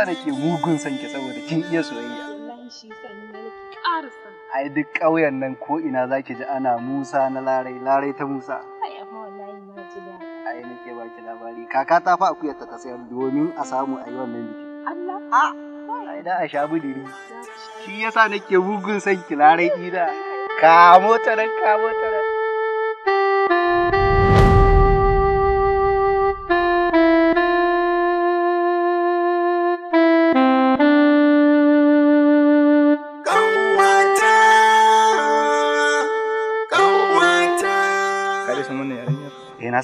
yasa nake mugun son ki saboda kin iya soyayya ai duk ƙauyen nan ko ina zaki ji ana Musa na larai larai ta Musa ai amma wallahi na ji da ai nake ba ki labari kaka ta fa akuyar ta sayar domin a samu yi wannan biki Allah a ai da a sha budiri shi yasa nake mugun son ki larai ida Ka mota nan kamo ta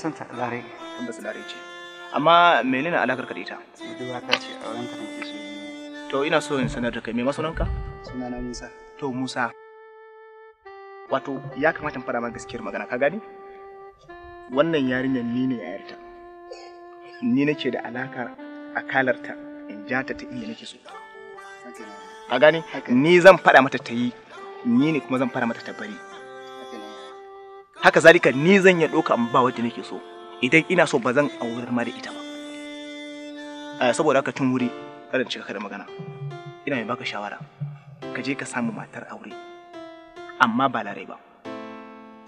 san ta zare su zare ce amma menene alakar ka da ita budurwa ta ce wurin ka nake so to ina so in sanar da kai me masunanka sunana Musa to Musa wato ya kamata in fara ma gaskiyar magana ka gani wannan yarinyar ni ne yayarta ni nake da alaka a kalarta in ja ta ta inda nake so ka gani ni zan fada mata ta yi ni ne kuma zan fara mata ta bari haka zalika ni zan ya ɗauka in ba wadda nake so idan ina so ba zan aurar ma da ita ba ah, saboda haka tun wuri karin cika ka da magana ina mai baka shawara ka je ka samu matar aure amma ba larai ba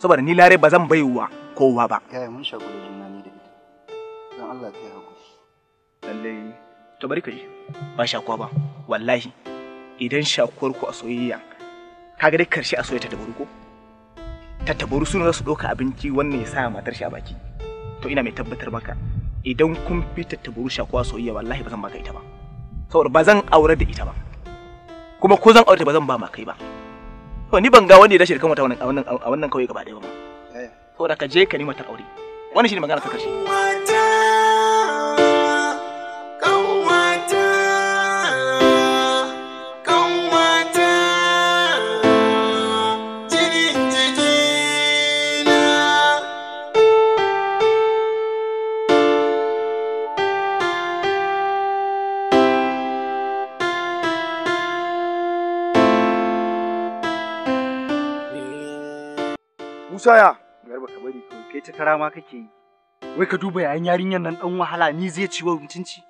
saboda ni larai ba zan baiwa kowa ba yaya mun shagu da juna ni da ita dan Allah ka yi lalle to bari ka je ba shakuwa ba wallahi idan shakuwar ku a soyayya kaga dai karshe a soyayya ta da ko tattabaru suna za su ɗauka abinci wannan ya sa matar shi a baki to ina mai tabbatar maka idan kun fi tattabaru shakuwa soyayya wallahi ba zan baka ita ba saboda ba zan aure da ita ba kuma ko zan aure ta ba zan ba ma kai ba to ni ban ga wanda ya dace da kan wata wannan a wannan kauye gaba ɗaya ba saboda ka je ka nima ta aure wannan shine magana ta karshe Musaya. Garba ka bari to kai ta karama kake yi. Wai ka duba yayin yarinyar nan dan wahala ni zai ci wa mutunci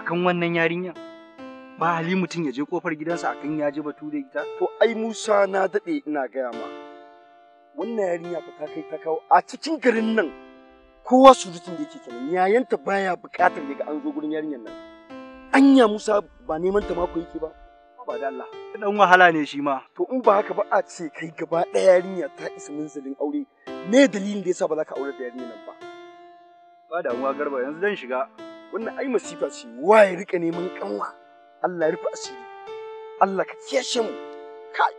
akan wannan yarinyar. Ba hali mutum ya je kofar gidansa akan ya je bature ita. To ai Musa na daɗe ina gaya ma. Wannan yarinya fa ta kai ta kawo a cikin garin nan kowa surutun da yake kenan yayanta baya bukatar daga an zo gurin yarinyan nan. Anya Musa ba neman ta mako yake ba. ba da Allah dan wahala ne shi ma to in ba haka ba a ce kai gaba ɗaya yarinya ta isa minzalin aure me dalilin da yasa ba za ka aure da yarinya nan ba ba damuwa garba yanzu zan shiga wannan ai masifa ce waye rika neman kanwa Allah ya rufe asiri Allah ka kiyashe mu kai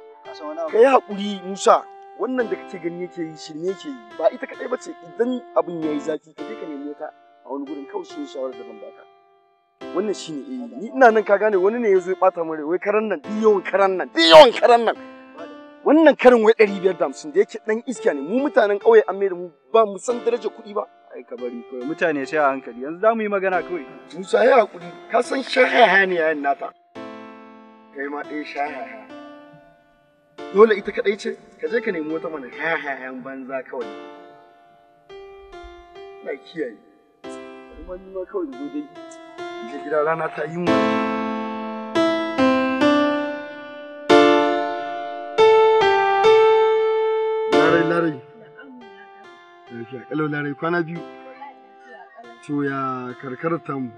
ka yi haƙuri Musa wannan da kake gani yake yi shirme yake yi ba ita kaɗai ba ce idan abin ya yi zafi ka je ka nemi a wani gurin kawai shi shawarar da ban baka wannan shine eh ni ina nan ka gane wani ne yazo ya bata mure wai karan nan diyon karan nan diyon karan nan wannan karin wai 550 da yake dan iska ne mu mutanen kauye an mai da mu ba mu san darajar kuɗi ba ai ka bari kawai mutane sai a hankali yanzu za mu yi magana kawai Musa ya hakuri ka san shahaha ne yayin nata kai ma ɗaya shahaha dole ita kadai ce ka je ka nemi wata mana hahahan banza kawai na kiyaye bari ma kawai zo dai je gida rana ta yi larai larai kwana biyu to ya karkarar tamu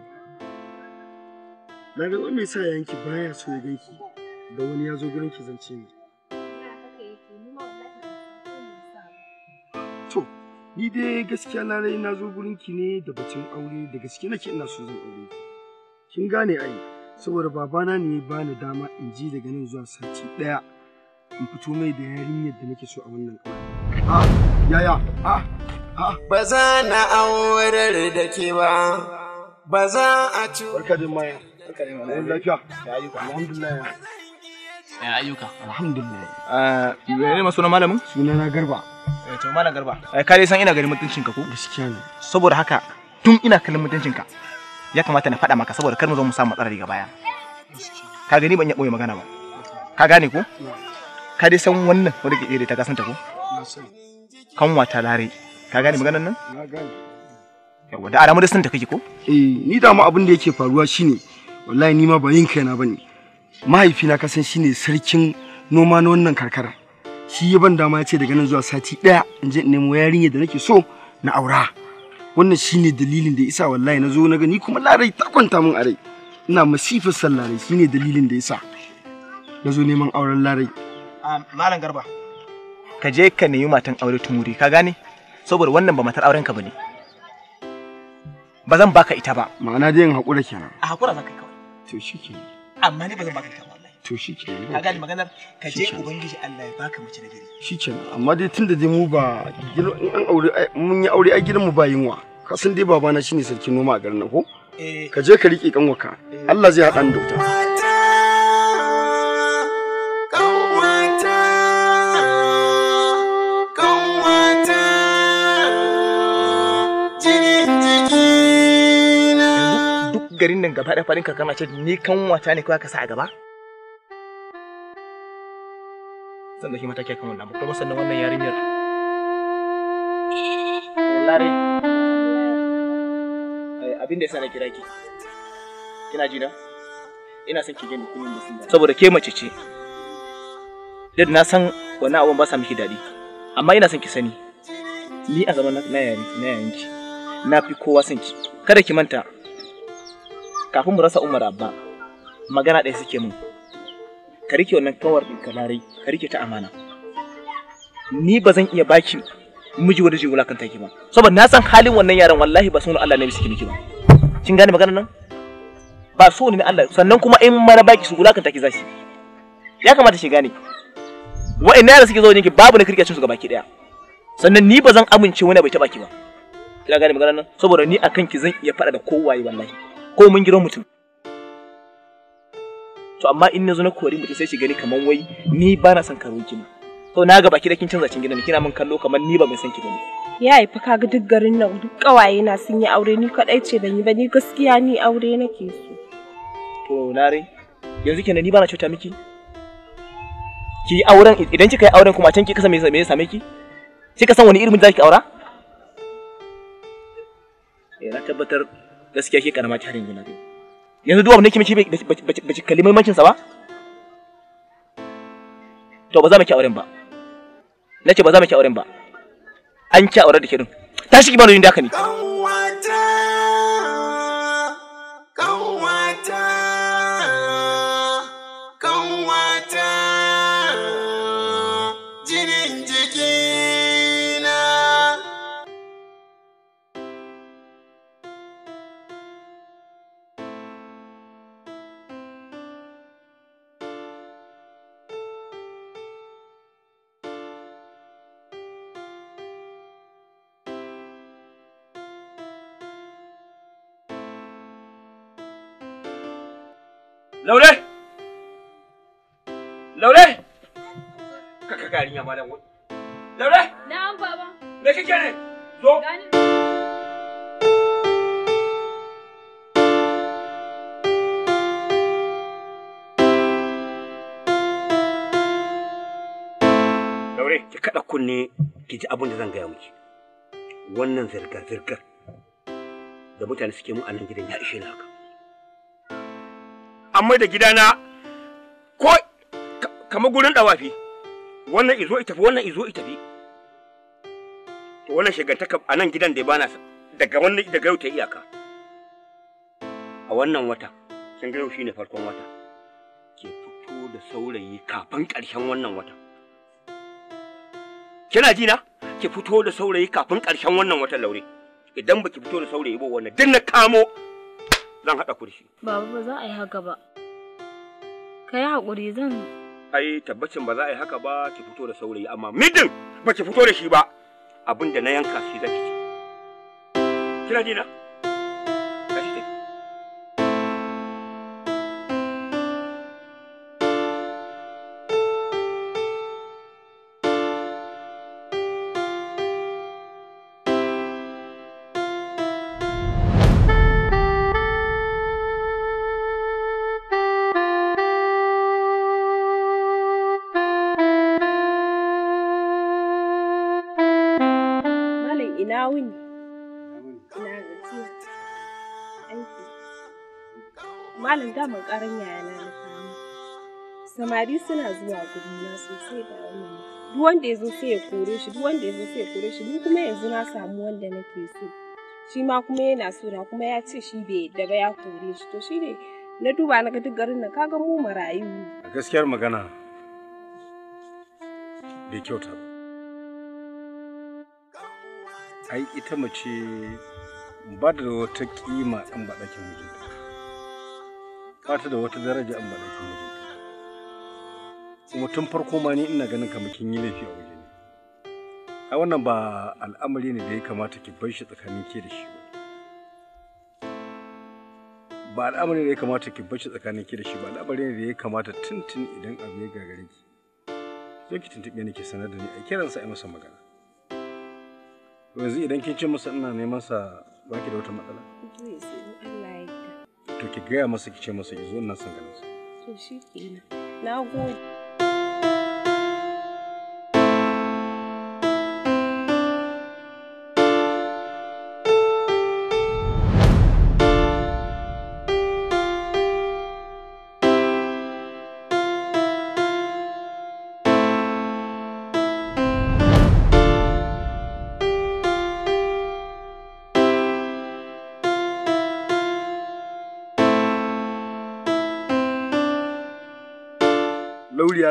larai wanda ya sa yanki baya so ya ganki da wani ya zo gurin ki zance ni to ni dai gaskiya larai na zo gurin ki ne da batun aure da gaske nake ina so zan aure ki Kin gane ai, saboda babana ne ya bani dama in ji daga nan zuwa sati daya in fito mai da yarinyar da nake so a wannan ƙauye. A ah, yaya, a ah, ah. Ba za na aurar da ke ba, ba za a ci. Barka da maya, barka da maya. lafiya. Ya ayyuka. Alhamdulillah. Ya ayyuka. Alhamdulillah. Eh, masu na malamin? Sunana Garba. Eh, to malam Garba. Eh, ka dai san ina ganin mutuncin ka ko? Gaskiya ne. Saboda haka tun ina kallon mutuncin ka. ya kamata na faɗa maka saboda kar mu zo mu samu matsala daga ya ka gani ban ya ɓoye magana ba ka gane ko ka dai san wannan wadda ke ta kasanta ko kanwa ta lare ka gane maganar nan yawa da alamu da san ta kake ko eh ni da mu abin da yake faruwa shine wallahi ni ma ba yin kaina bane mahaifina ka san shine sarkin noma na wannan karkara shi ya ban dama ya ce daga nan zuwa sati daya in je in nemo yarinya da nake so na aura wannan shine dalilin da isa wallahi na zo na gani kuma larai ta kwanta min a rai ina masifar san larai shine dalilin da isa na zo neman auren larai ah, malam garba ka je ka nemi matan aure tumuri ka gane saboda wannan ba matar auren ka bane ba zan baka ita ba ma'ana dai in hakura kenan a hakura zaka kawai to shikenan amma ne ba zan baka ita to shi ke ka gane maganar ka je ubangiji Allah ya baka mace na gari shi ke amma dai tunda dai mu ba in an aure mun yi aure a gidan mu ba yinwa ka san dai babana shine sarkin noma a garin nan ko eh. ka je ka riƙe kanwaka eh. Allah zai haɗa ni da wuta garin nan gaba da farin ka kana ce ni kan wata ne kawai ka sa a gaba zan dauki mataki kan wannan kuma sannan wannan yarinyar lare eh, abin da yasa na kira ki kina ji da ina son ki gani kullum da sun saboda ke mace ce duk na san wannan abun ba sa miki daɗi amma ina son ki sani ni a zaman na yayin na yayin ki na fi kowa son ki kada ki manta kafin mu rasa Umar Abba magana ɗaya suke mun ka rike wannan kawar din ka larai ka rike ta amana ni ba zan iya baki miji wanda zai wulakanta ki ba saboda na san halin wannan yaran wallahi ba sunan Allah ne suke miki ba kin gane maganar nan ba so ne Allah sannan kuma in ma na baki su wulakanta ki zasu ya kamata shi gane wa'annan yaran suke zo ki babu ne na kirkiya su ga baki daya sannan ni ba zan amince wani bai taba ki ba kina gane maganar nan saboda ni akan ki zan iya faɗa da kowaye wallahi ko mun gidan mutum to amma in nazo na kori mutum sai shi gani kaman wai ni ba na son karo kina to na ga baki da kin canza cin gidan kina min kallo kaman ni ba mai son ki bane ya yi fa kaga duk garin nan duk kawaye na sun yi aure ni kadai ce ban yi ba ni gaskiya ni aure nake so to nare yanzu kenan ni ba na cuta miki ki yi auren idan kika yi auren kuma can ki kasa me ya same ki kika san wani irin zaki aura eh na tabbatar gaskiya ke karama tarin gina dai yanzu duk abin da miki ba ci kalli muhimmancin sa ba to ba za mu ki auren ba nace ba za mu ki auren ba an ki auren da ke din tashi ki bani da haka ne ya ma da Daure? Na'am baba. Me kike ne? Zo. Daure, ki kada kunne ki ji abin da zan gaya miki. Wannan zirga-zirgar da mutane suke mu a nan gidan ya ishe ni haka. Amma da gidana ko kamar gurin ɗawafi. wannan izo itafi wannan izo itafi to wannan shigantaka a nan gidan da bana daga wannan daga yau ta iyaka a wannan wata sun ga yau shine farkon wata ke fito da saurayi kafin ƙarshen wannan wata kina ji na ki fito da saurayi kafin ƙarshen wannan watan laure idan baki fito da saurayi ba wannan dinna na kamo zan haɗa kurshi baba ba za a yi haka ba ka yi zan ai tabbacin ba za a yi haka ba ki fito da saurayi amma midin ba ki fito da shi ba abinda na yanka shi zaki ci kina ji samun ƙaran yayana na kama. Samari suna zuwa gurina sosai da wannan. Duk wanda ya zo sai ya kore shi, duk wanda ya zo sai ya kore shi, ni kuma yanzu na samu wanda nake so. Shi ma kuma yana so na kuma ya ce shi bai yadda ba ya kore shi. To shi ne na duba na ga duk garin nan kaga mu marayu. A gaskiyar magana bai kyauta ba. Ai ita mace ba da wata kima ɗan ba mijinta. ba ta da wata daraja in ba na kin kuma tun farko ma ni ina ganin kamar kin yi laifi a waje ne a wannan ba al'amari ne da ya kamata ki bar shi tsakanin ke da shi ba ba al'amari ne da ya kamata ki bar shi tsakanin ke da shi ba al'amari ne da ya kamata tuntun idan abu ya gagare ki zo ki tuntuɓe ni ki sanar da ni a sa a masa magana yanzu idan kin ce masa ina neman sa baki da wata matsala to ki gaya masa ki ce masa ki zo nan san ganin to shi kenan na gode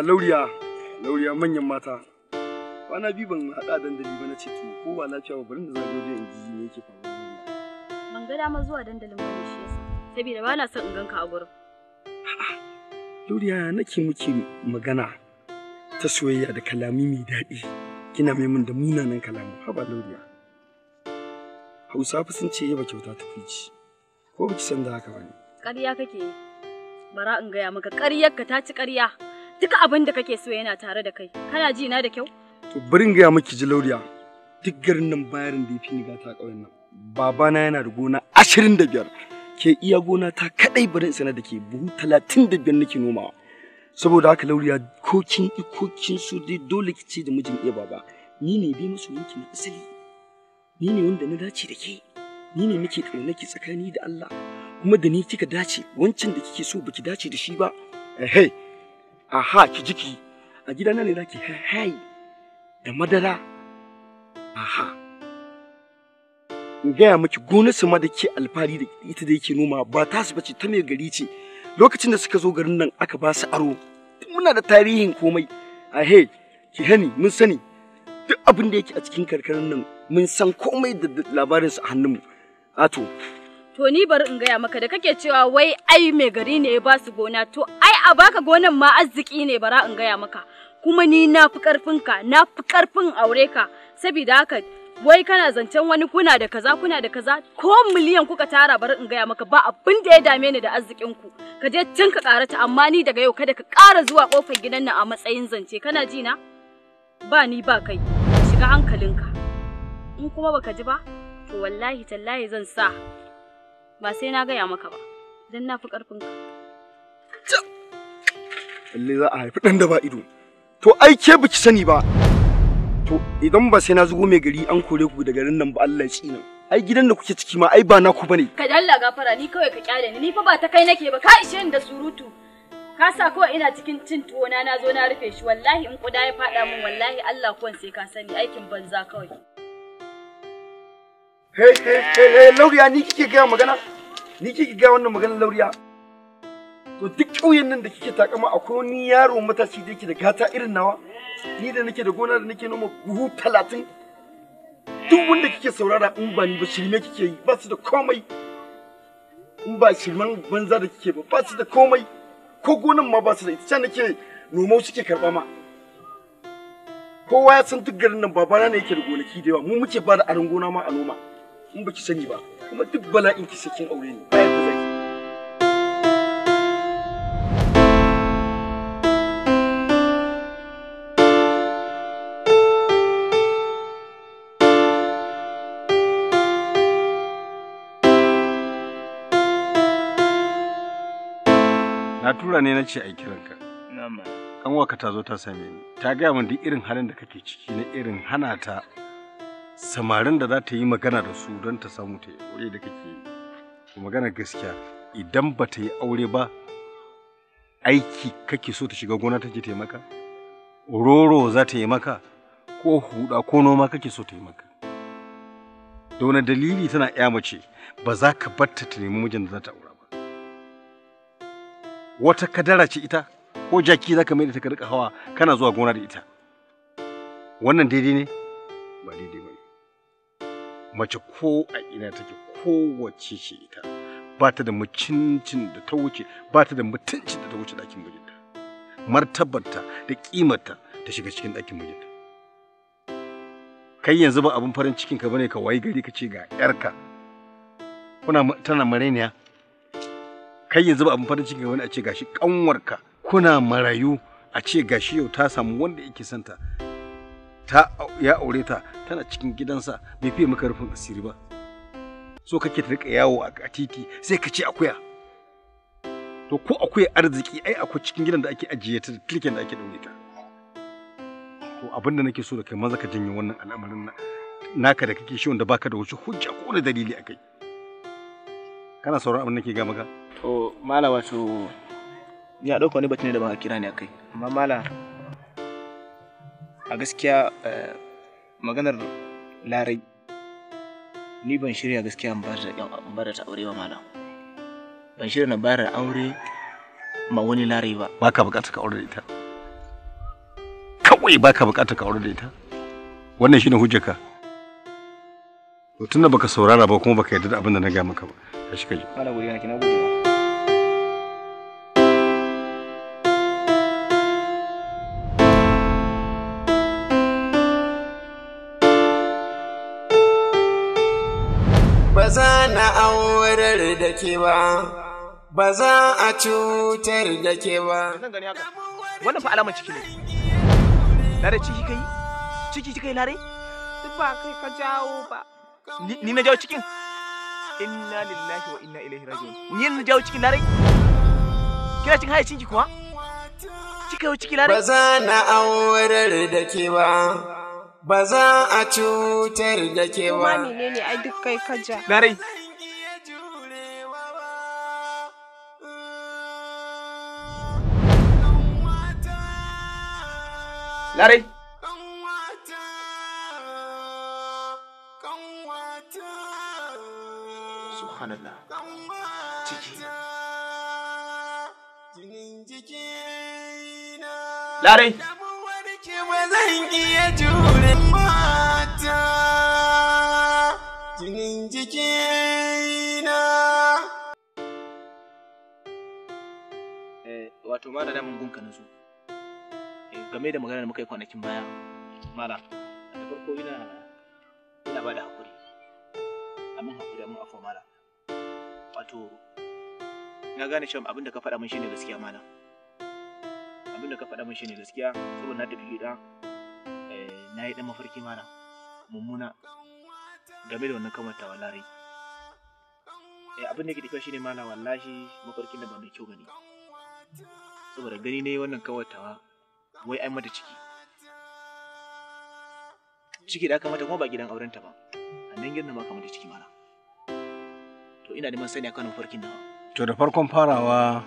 lauriya lauriya lauriya manyan mata kwana biyu ban haɗa dali ba na ce to ko ba lafiya ba bari na zaje je in ji me yake faruwa ban ga dama zuwa dandalin wani shi yasa saboda ba na son in ganka a gurin lauriya nake muke magana ta soyayya da kalami mai daɗi kina mai mun da munanan kalamu haba lauriya hausa fa sun ce yaba kyauta ta fici ko ki san da haka bane ƙarya kake bara in gaya maka ka ta ci ƙarya Duk abin da kake so yana tare da kai. Kana ji na da kyau? To bari in gaya miki lauriya Duk garin nan bayarin da yafi ni gata kauyen nan. Babana yana da gona ashirin da biyar. Ke iya gona ta kaɗai bari in sanar da ke buhu talatin da biyar nake nomawa. Saboda haka Lauriya ko kin ko dai dole ki ce da mijin iya baba. Ni ne bi musu yanki asali. Ni ne wanda na dace da ke. Ni ne muke ƙaunaki tsakani da Allah. Kuma da ni kika dace wancan da kike so baki dace da shi ba. Hey, aha ki jiki a gidana ne zaki hai da madara aha in gaya miki su ma da ke alfahari da ita da yake noma ba ta su bace ta mai gari ce lokacin da suka zo garin nan aka ba su aro muna da tarihin komai a he ki hani mun sani duk abin da yake a cikin karkarar nan mun san komai da labarinsu a hannunmu ato To ni bari in gaya maka da kake cewa wai ai mai gari ne ya basu gona to ai a baka gonan ma arziki ne bara in gaya maka kuma ni na fi karfin ka na fi karfin aure ka saboda haka wai kana zancen wani kuna da kaza kuna da kaza ko miliyan kuka tara bari in gaya maka ba abin da ya dame ni da arzikin ku ka je tun ka karata amma ni daga yau kada ka ƙara zuwa kofar gidan nan a matsayin zance kana ji na ba ni ba kai shiga hankalinka in kuma baka ji ba to wallahi tallahi zan sa ba sai na gaya maka ba don na fi ƙarfinka. Lalle za a haifi ɗan da ba ido. To ai ke biki sani ba. To idan ba sai na zugo mai gari an kore ku da garin nan ba Allah ya tsina. Ai gidan da kuke ciki ma ai ba naku bane. Ka Allah gafara ni kawai ka kyale ni ni fa ba ta kai nake ba ka ishe ni da surutu. Ka sa kawai ina cikin cin tuwo na na na rufe shi wallahi in kuda ya faɗa min wallahi Allah kuwan sai ka sani aikin banza kawai. Hey, hey, hey, Lauriya ni kike gaya magana? Ni kike gaya wannan maganar Lauriya? To duk ƙauyen nan da kike takama akwai wani yaro matashi da yake da gata irin nawa? Ni da nake da gona da nake noma buhu talatin? Duk wanda kike saurara in ba ni ba shirme kike yi ba su da komai. In ba shirman banza da kike ba ba su da komai. Ko gonan ma ba su da ita can nake nomau suke karɓa ma. Kowa ya san duk garin nan babana ne yake da gonaki da yawa mu muke ba da aron gona ma a noma. in baki sani ba kuma duk bala'in ki sakin aure ne bayan Na tura ne na ce a ka Na'am. Kanwa ka ta zo ta same ni. Ta gaya min duk irin halin da kake ciki na irin hana ta samarin da za ta yi magana da su don ta samu ta yi aure da kake yi magana gaskiya idan ba ta yi aure ba aiki kake so ta shiga gona take ta yi maka roro za ta yi maka ko huda ko noma kake so ta yi maka da wani dalili tana ya mace ba za ka batta ta nemi mijin da za ta aura ba wata kadara ce ita ko jaki za ka mai da ta hawa kana zuwa gona da ita wannan daidai ne ba daidai mace ko a ina take kowace ce ita ba ta da mutuncin da ta wuce ba ta da mutuncin da ta wuce ɗakin mijinta martabarta da ƙimarta ta shiga cikin ɗakin mijinta kai yanzu ba abin farin cikin ka bane ka wayi gari ka ce ga yarka kuna tana mareniya kai yanzu ba abin farin cikin ka bane a ce gashi kanwarka kuna marayu a ce gashi yau ta samu wanda yake santa ta ya aure ta tana cikin gidansa bai fiye maka rufin asiri ba so kake ta rika yawo a titi sai ka ce akuya to ko akuya arziki ai akwai cikin gidan da ake ajiye ta turken da ake daure ta to abin da nake so da kai maza ka janye wannan al'amarin naka da kake shi wanda baka da wuce hujja ko wani dalili akai kana sauraron abin da nake ga maka to mala wato ya dauka wani batun ne da ba kira ne akai amma mala a gaskiya eh, maganar larai ni ban shirya gaskiya in bada ta aure ba malam ban shirya na bada aure ma wani larai ba ba ka bukatar ka aure da ita kawai ba ka bukatar ka aure da ita wannan shine ka to tunda baka saurara ba kuma baka yarda da abin da na ga maka ba ka shi ka ji malam godiya na gode na aurar da ke ba ba za a cutar da ke ba. Wannan fa alamar ciki ne. Lare ciki kai? Ciki ciki lare? Duk ba kai ka jawo ba. Ni na jawo cikin? Inna lillahi wa inna ilaihi raji'un. Ni na jawo cikin lare? Kina cikin hayacin ki kuwa? Kika yau ciki lare? Ba za na aurar da ke ba. ba za a cutar da ke ba. Kuma menene ai duk kai kaja. Dare. Larai. Larai. Ba zan iya wato mara da mun gunka su eh, game da magana da muka yi kwanakin baya mala da farko ina ina bada hakuri amin hakuri amin afa mara wato na gane cewa abin da ka faɗa mun shine gaskiya mara abin da ka faɗa mun shine gaskiya saboda na tafi gida eh, na yi ɗan mafarki mara mummuna game da wannan kamata wallahi eh, abin da ke tafiya shine mara wallahi mafarkin da ba mai kyau bane saboda gani ne wannan kawatawa wai ai mata ciki ciki da aka mata kuma ba gidan aurenta ba a nan gidan ma aka mata ciki mana to ina da sani akan farkin nawa to da farkon farawa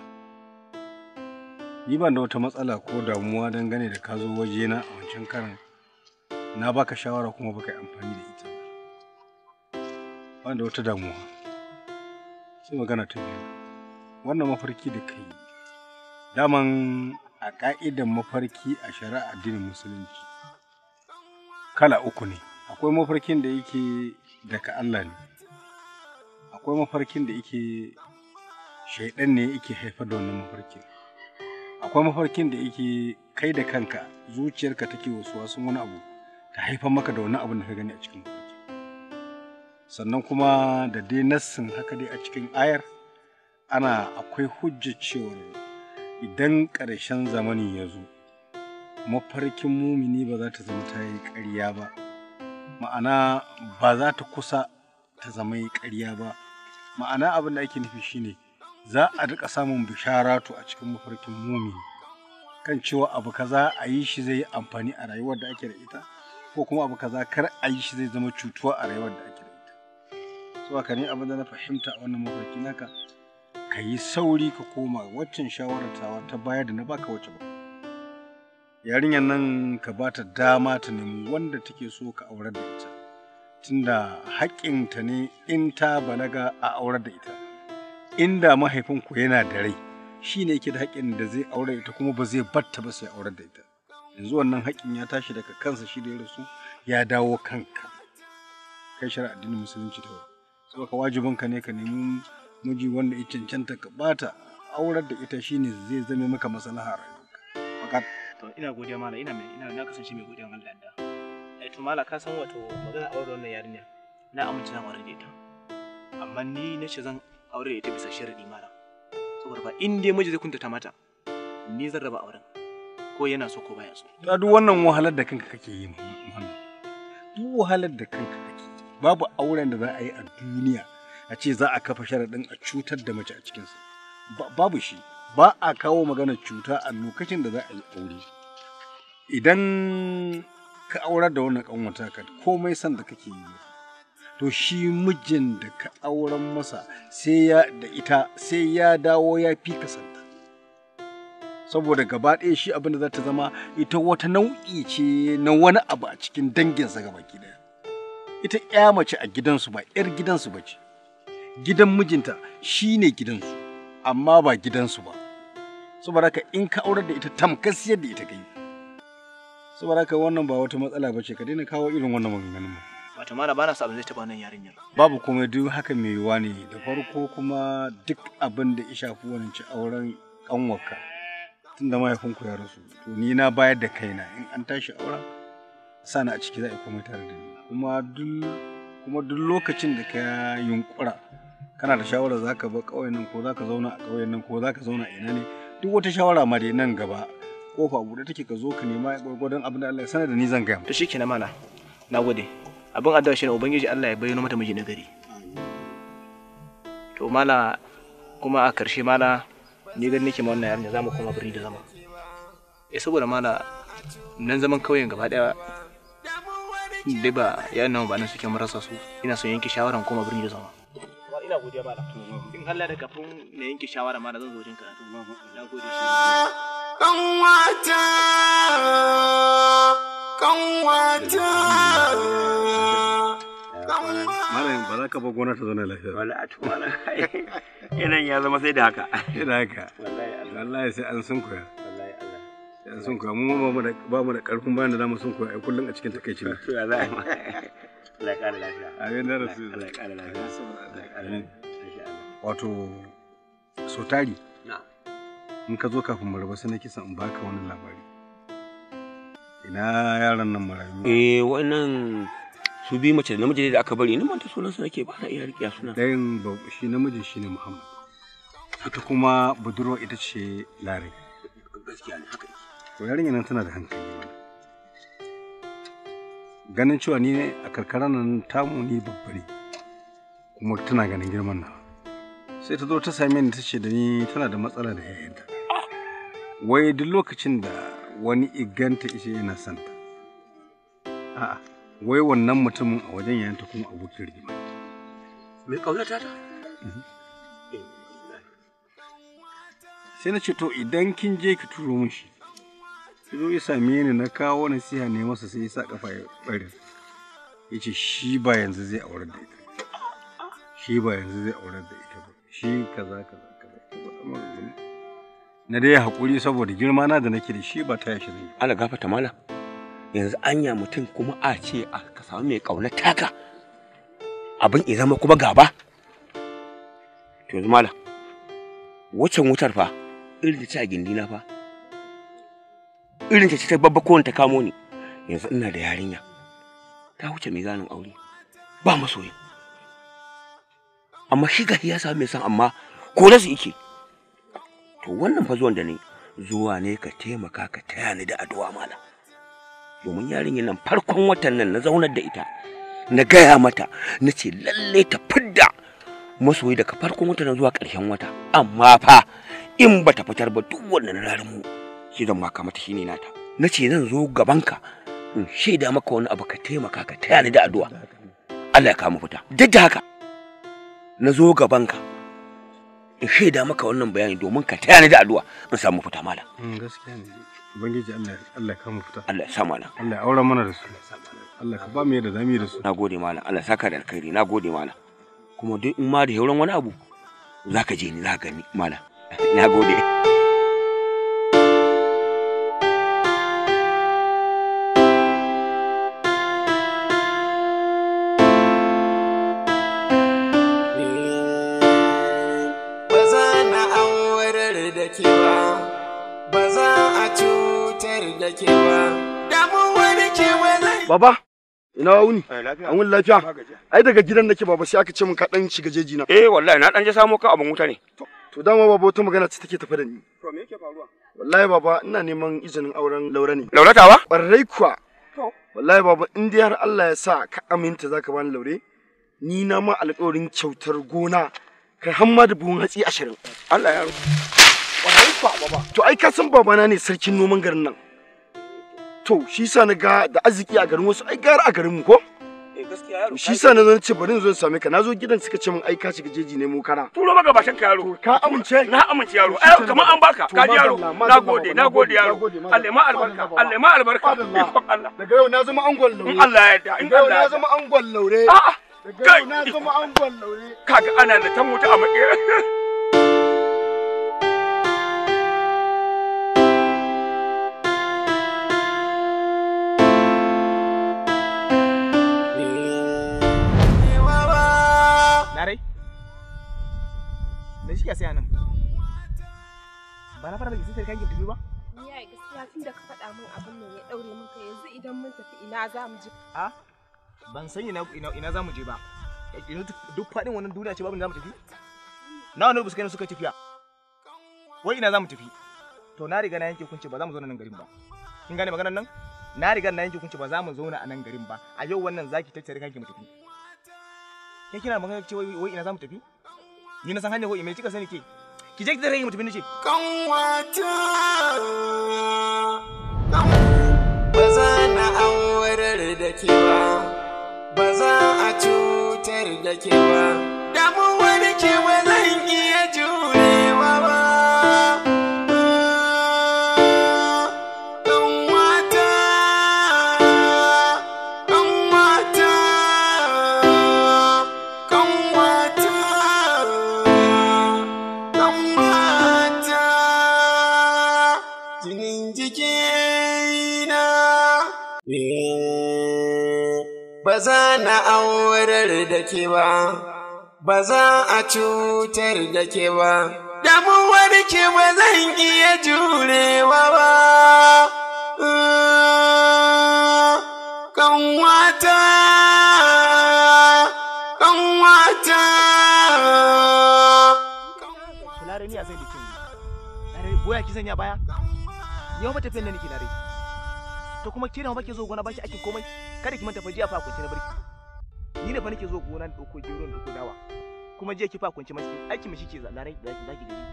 ni ban da wata matsala ko damuwa dangane da ka zo wajena a wancan karin na baka shawara kuma baka amfani da ita ban da wata damuwa sai magana ta biyu wannan mafarki da kai daman a ƙa'idan mafarki a shari'a addinin musulunci kala uku ne akwai mafarkin da yake daga Allah ne akwai mafarkin da yake shaidan ne yake haifar da wannan mafarkin akwai mafarkin da yake kai da kanka zuciyarka take wasu wasu wani abu ta haifar maka da wani abu da ka gani a cikin mafarki sannan kuma da dai nassin haka dai a cikin ayar ana akwai hujjar cewa. idan ƙarshen zamani ya zo mafarkin mumini ba za ta zama ta yi ƙarya ba ma'ana ba za ta kusa ta zama yi ƙarya ba ma'ana abin da ake nufi shine za a duka samun bisharatu a cikin mafarkin mumini kan cewa abu kaza a yi shi zai amfani a rayuwar da ake da ita ko kuma abu kaza kar a yi shi zai zama cutuwa a rayuwar da ake da ita abin da na fahimta a wannan mafarki naka ka yi sauri ka koma waccan shawarar ta baya da na baka wacce ba yarinyar nan ka ba ta dama ta nemi wanda take so ka aurar da ita tunda haƙƙinta ne in ta balaga a aurar da ita inda mahaifinku yana da rai shi ne yake da haƙƙin da zai da ita kuma ba zai batta ba sai aurar da ita yanzu wannan haƙƙin ya tashi daga kansa shi da ya rasu ya dawo kanka kai shari'a addinin musulunci ta saboda wajibinka ne ka nemi miji wanda ya cancanta ka bata aurar da ita shine zai zame maka maslaha fakat to ina godiya mala ina mai ina na kasance mai godiyan Allah da eh to mala ka san wato magana auren wannan yarinya na amince na aure da ita amma ni na ce zan aure da ita bisa sharadi mala saboda ba in dai miji zai ta mata ni zan raba auren ko yana so ko baya so da duk wannan wahalar da kanka kake yi Muhammad duk wahalar da kanka kake babu auren da za a yi a duniya a ce za a kafa sharaɗin a cutar da mace a cikinsa babu shi ba a kawo magana cuta a lokacin da za a yi aure idan ka aurar da wannan ƙanwata ka komai san da kake yi to shi mijin da ka auren masa sai ya da ita sai ya dawo ya fi ka santa saboda gaba ɗaya shi abin da za ta zama ita wata nau'i ce na wani abu a cikin danginsa gaba ɗaya ita ya mace a gidansu ba 'yar gidansu ba ce gidan mijinta shi ne gidansu amma ba gidansu ba saboda haka in ka aurar da ita tamkar siyar da ita kai saboda haka wannan ba wata matsala ba ce ka daina kawo irin wannan maganganun ba wata mara bana sa abin zai taba nan yarinyar babu komai duk haka mai yiwuwa ne da farko kuma duk abin da ya shafi wannan ci auren kanwarka tunda mahaifinku ya rasu to ni na bayar da kaina in an tashi auren sana a ciki za a komai tare da ni kuma duk kuma duk lokacin da ka yunkura kana da shawara za ka bar ƙauyen nan ko za ka zauna a ƙauyen nan ko za ka zauna a ina ne duk wata shawara ma dai nan gaba kofa buɗe take ka zo ka nema gwargwadon abin da Allah ya sanar da ni zan gaya to shikenan mana nagode abin addu'a shine ubangiji Allah ya bayyana mata miji nagari to mala kuma a karshe mala ni gan nake ma wannan yarinya za mu koma birni da zama e saboda mala nan zaman kauyen gaba daya dai ba yayin nan ba nan suke marasa su ina son yanke shawaran koma birni da zama ina godiya mala in Allah da kafin na yanke shawara mala zan zo karatu na gode shi kan wata kan wata Malam ba za ka ba gona ta zauna lafiya. Wala a tuwa Yanayin ya zama sai da haka. Sai da haka. Wallahi sai an sun koya. sun koya. Mu ba mu da karfin bayan da za mu sun koya kullum a cikin takaici. To ya za a yi Allah ya ƙara lafiya. da rasu. Allah ya lafiya. Amin. Wato so tari. In ka zo kafin mu rabu sai na son in baka wani labari. Ina yaran nan marayu. Eh wannan su bi mace da namiji da aka bari ni manta sunan su nake ba na iya riƙiya suna. Dayan ba shi namijin shine Muhammad. Ita kuma budurwa ita ce Lare. Gaskiya ne haka. To yarinya nan tana da hankali. ganin cewa ni ne a karkara nan tamu ni babbare kuma tana ganin girman na sai ta zo ta same ni ta ce da ni tana da matsala da yayanta wai duk lokacin da wani iganta ishe yana santa a'a wai wannan mutumin a wajen yayanta kuma abokin rigima me kaunata ta mhm. eh, sai na ce to idan kin je ki turo mun shi zo ya same ni na kawo nasiha ne masa sai ya sa kafa ya bare ya ce shi ba yanzu zai aurar da ita shi ba yanzu zai aurar da ita ba shi kaza kaza kaza na dai haƙuri saboda girma na da nake da shi ba ta yashi zai ala gafata mala yanzu anya mutum kuma a ce a ka samu mai ƙaunar taka abin ya zama kuma gaba to yanzu mala wucin wutar fa irin ta gindina fa irin ta ta babba kowanne ta kamo ni yanzu ina da yarinya ta wuce mai zanin aure ba masoyi amma shi ya samu mai san amma ko su yake to wannan fa zuwan da ne zuwa ne ka taimaka ka taya ni da addu'a mala domin yarinyar nan farkon watan nan na zaunar da ita na gaya mata na ce lalle ta fidda masoyi daga farkon wata na zuwa karshen wata amma fa in bata fitar ba duk wannan rarin mu ce zan maka mata shine nata na ce zan zo gabanka in shaida maka wani abu ka taimaka ka taya ni da addu'a Allah ya kawo mafita duk da haka na zo gabanka in shaida maka wannan bayani domin ka taya ni da addu'a in samu fita mala mm, gaskiya ne ubangiji Allah Allah ya kawo mafita Allah ya sa mala Allah ya aure mana da su Allah ka ba mu yadda zamu yi da su nagode mala Allah saka da alkhairi nagode mala kuma duk in ma da hauran wani abu zaka je ni zaka gani mala nagode Baba, ina wa wuni? Eh, An wuni lafiya? Ai daga gidan nake baba sai aka ce min ka dan shiga jeji na. Eh wallahi na dan je samo ka abin wuta ne. To dama baba wata magana ce take tafe da ni. To me yake faruwa? Wallahi baba ina neman izinin auren Laura ne. Laura tawa? Barrai kuwa. To wallahi baba in dai har Allah ya sa ka aminta zaka bani laure ni na ma alƙawarin kyautar gona kai har ma da buhun hatsi ashirin. Allah ya rubuta. Wallahi kuwa baba. To ai ka san babana ne sarkin noman garin nan. to shi sa na ga da arziki a garin wasu ai gara a garin mu ko Eh gaskiya shi sa na zo ce bari zo same ka Nazo gidan suka ce min ai ka shiga jeji ne mu kana turo maka bashin ka yaro ka amince na amince yaro ai kamar an baka ka ji yaro nagode nagode yaro Allah ma albarka Allah ma albarka ikon Allah daga yau na zama angon laure in Allah ya yarda in Allah ya na zama angon laure ah! daga yau na zama angon laure kaga ana da ta mutu a makera shi ya sai nan ba na fara baki sai kan gidi ba ya gaskiya tun da ka faɗa min abin nan ya daure maka yanzu idan mun tafi ina za mu je a ban san ina ina za mu je ba duk faɗin wannan duniya ce babu za mu tafi nawa wani buskai suka tafiya wai ina za mu tafi to na riga na yanke kunci ba za mu zauna nan garin ba kin gane maganar nan na riga na yanke kunci ba za mu zauna a nan garin ba a yau wannan zaki tattare kanki mu tafi kai kina magana cewa wai ina za mu tafi ni na san hanya ko me kika sani ke ki je ki dare mutumin nace kan wata ba za na aurar da ke ba ba za a cutar da ke ba damuwar ke ba za na aurar da ke ba, ba za a cutar da ke ba, Da mu ke ba zan iya jurewa ba. Kanwata, kanwata. kuma kira ma ke zo gona baki ake komai. kada ki manta fa jiya fa ku tare barki ni da fa nake zo gona da ɗauko gero da ɗauko dawa kuma je ki fa kunce mashi aiki mashi ke zalare da zaki zaki gani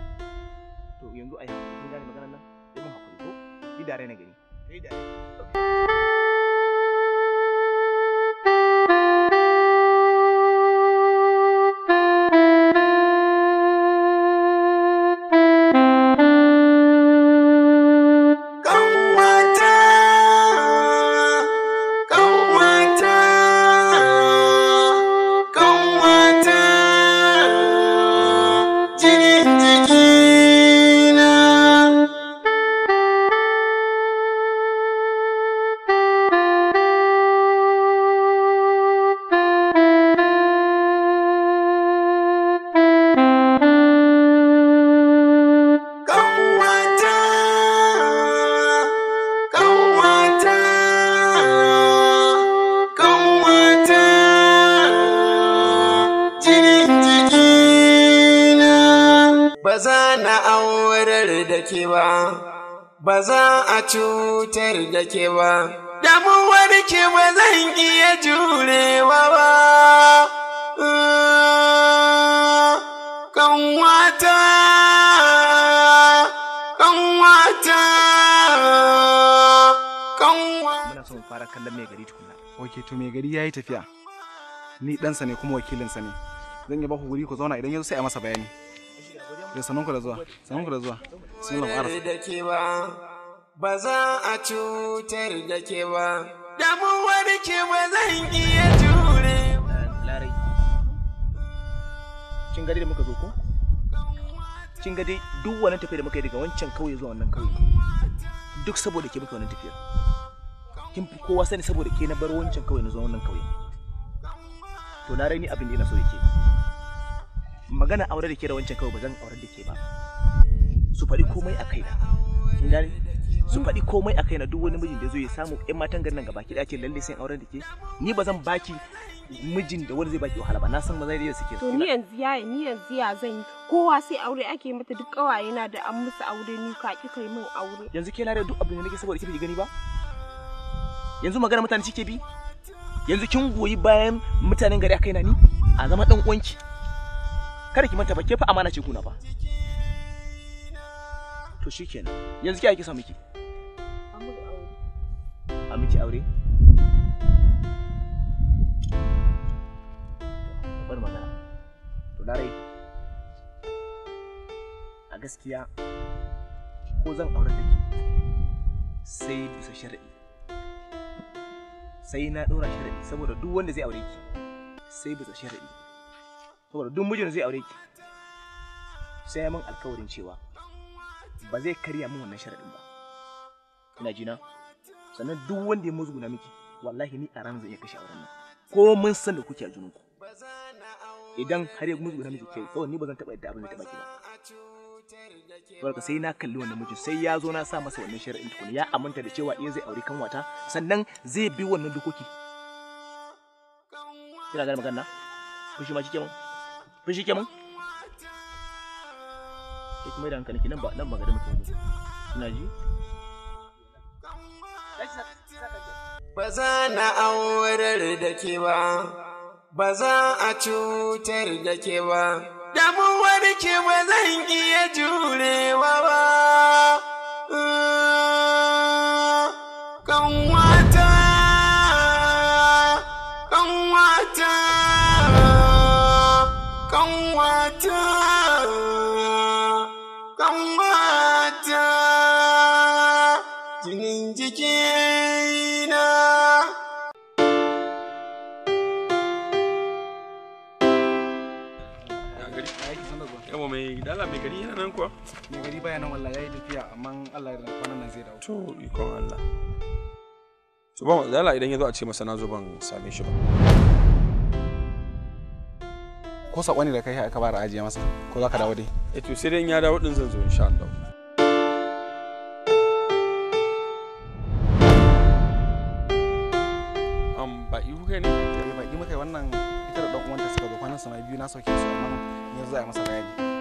to yanzu yi kun gane maganar nan sai mun hakuri ko ni da rai na gani kai da rai cutar da ke ba. Da mun warke ba zan iya jurewa ba. Kanwata, kanwata, kanwata. Muna son fara kallon mai gari tukuna. ok to mai gari ya yi tafiya. Ni ɗansa ne kuma wakilinsa ne. Zan yi ba ku guri ku zauna idan ya zo sai a masa bayani. Da sanonku da zuwa, sanonku da zuwa. Sunan Arasa. ba za a cutar da ke ba, Da mu ke ba zan iya jure ba. Larai, kin gadi da muka zo ko? Kin gadi duk wani tafiya da muka yi daga wancan kauye zuwa wannan kauye. Duk saboda ke muka wannan tafiya. Kin fi kowa sani saboda ke na bar wancan kauye na zuwa wannan kauye. To larai ni abin da ina so ya ke. Magana aure da ke da wancan kauye ba zan aure da ke ba. su faɗi komai a kaina. Kin gane? su faɗi komai a kaina duk wani mijin da zo ya samu ƴan matan garin nan gaba ki ake lalle sai auren da ke ni ba zan baki mijin da wani zai baki wahala ba na san maza da suke to ni yanzu ya ni yanzu ya zan yi kowa sai aure ake mata duk kawaye na da an musu aure ni ka ki kai min aure yanzu ke lare duk abin da nake saboda ki gani ba yanzu magana mutane kike bi yanzu kin goyi bayan mutanen gari akai na ni a zama dan uwanki kada ki manta ba ke fa amana ce kuna ba to shikenan yanzu ki ake samu miki a miki aure bar magana to larai a gaskiya ko zan aure da ke sai bisa shari'i sai na ɗora shari'i saboda duk wanda zai aure ki sai bisa shari'i saboda duk mijin zai aure ki sai ya min alkawarin cewa ba zai karya min wannan shari'in ba ina jina sannan duk wanda ya musguna miki wallahi ni a ranzu ya kashe auren nan ko mun san da kuke a junanku idan har ya musguna miki kai kawai ni ba zan taɓa yadda abin da taɓa ki ba saboda sai na kalli wannan mijin sai ya zo na sa masa wannan shari'in tukuna ya aminta da cewa iya zai aure wata sannan zai bi wannan dokoki kina gane magana fushi ma kike mun fushi kike mun kike mai da hankali ki nan ba nan ba ga da mutum ina ji ba za na aurar da ke ba, ba za a cutar da ke ba, damuwar ke ba zan iya jurewa ba. mai gari baya nan wallahi yayi tafiya amma Allah ya rantsa nan zai dawo to ikon Allah to ba zala idan yazo a ce masa na zo ban same shi ba ko sako ne da kai aka bara ajiye masa ko za ka dawo dai eh to sai dai in ya dawo din zan zo insha Allah kuka ne eh, baki muka wannan ita da dan uwanta suka zo kwanan sama biyu na sauke su amma yanzu za a masa bayani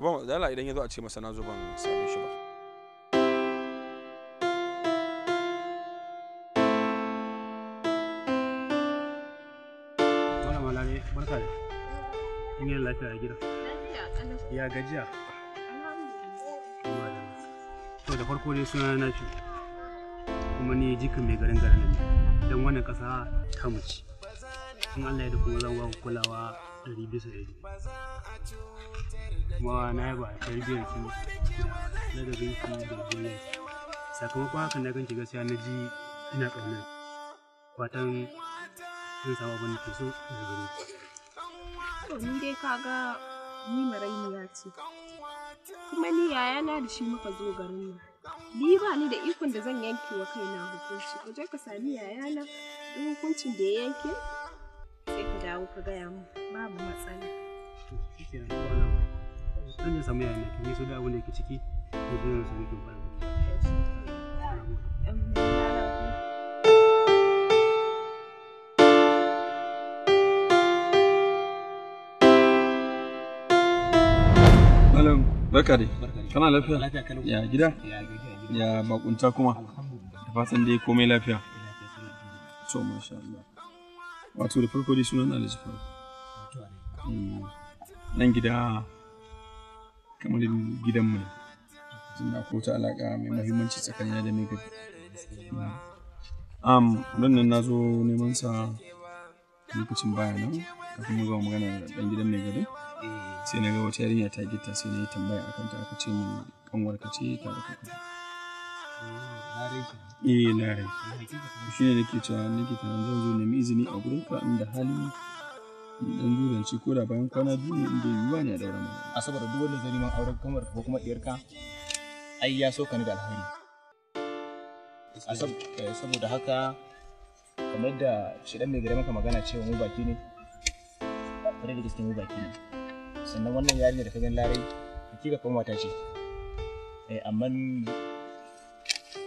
so ba da Allah idan ya zo a ce masa na zo ban same shi ba barka da yin lafiya a gida ya gajiya to da farko dai suna na fi kuma ni jikin mai garin garin ne don wannan kasa ta mace in allah ya da kuma zan ba kulawa 100 bisa 100 kuma na yaba a tarbiyyar ki na da binki da goyon sakamakon haka na ganci gaskiya na ji ina ƙaunar fatan zan samu abin da ke so da gani. To ni dai ka ga ni ya ce kuma ni yayana da shi muka zo garin nan. ni ba ni da ikon da zan yanke wa kaina hukunci ka je ka sami yayana duk hukuncin da ya yanke sai ka dawo ka gaya mu babu matsala zan je samu yayin ki so da abin da yake ciki ko zan samu kin fara barka dai. Kana lafiya? Ya gida? Ya bakunta kuma? Da fatan dai komai lafiya. To masha Allah. Wato da farko dai sunan Alhaji hmm. Nan gida kamar gidanmu ne tunda akwai wata alaƙa mai mahimmanci tsakanin da mai gari am nan na zo neman sa lokacin baya nan kafin mu gama magana da dan gidan mai gari sai na ga wata yarinya ta gita sai na yi tambaya akan ta aka ce mun kanwar ka ce ta da kuka eh lare shi ne nake cewa nake tunanin zan zo nemi izini a gurin ka inda hali dan duzanci ko da bayan kwana biyu ne inda yiwuwa ne a daura mu a saboda duk wanda zai neman auren kamar ko kuma diyarka ai ya so ka ni da alhari eh, saboda haka kamar da shidan mai gare maka magana cewa mu baki ne kwarai da gaske mu baki ne sannan wannan ne da ka gan larai hakika kan wata ce eh amma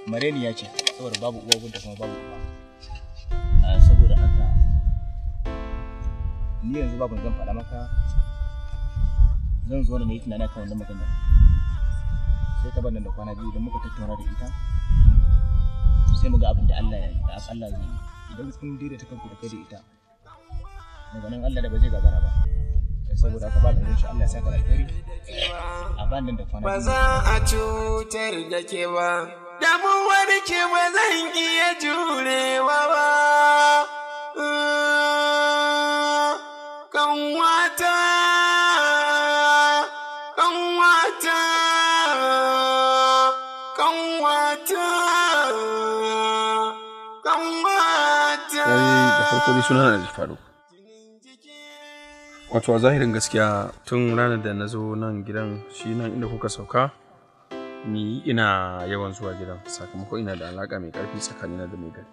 mareniya ce saboda babu uwa gunta kuma babu kuma ah, saboda ni yanzu babu zan faɗa maka zan zo da mai tunani akan wannan magana sai ka nan da kwana biyu idan muka tattauna da ita sai mu ga abin da Allah ya yi da Allah zai yi idan kun daidaita kanku da kai da ita daga nan Allah da ba zai gagara ba saboda ka ba da insha Allah sai ka alheri a bandin da kwana ba za a cutar da ke ba da mun warke ba zan iya jurewa ba farko dai suna na faru wato a zahirin gaskiya tun ranar da na zo nan gidan shi nan inda kuka sauka ni ina yawan zuwa gidan sakamakon ina da alaka mai karfi tsakanina da mai gari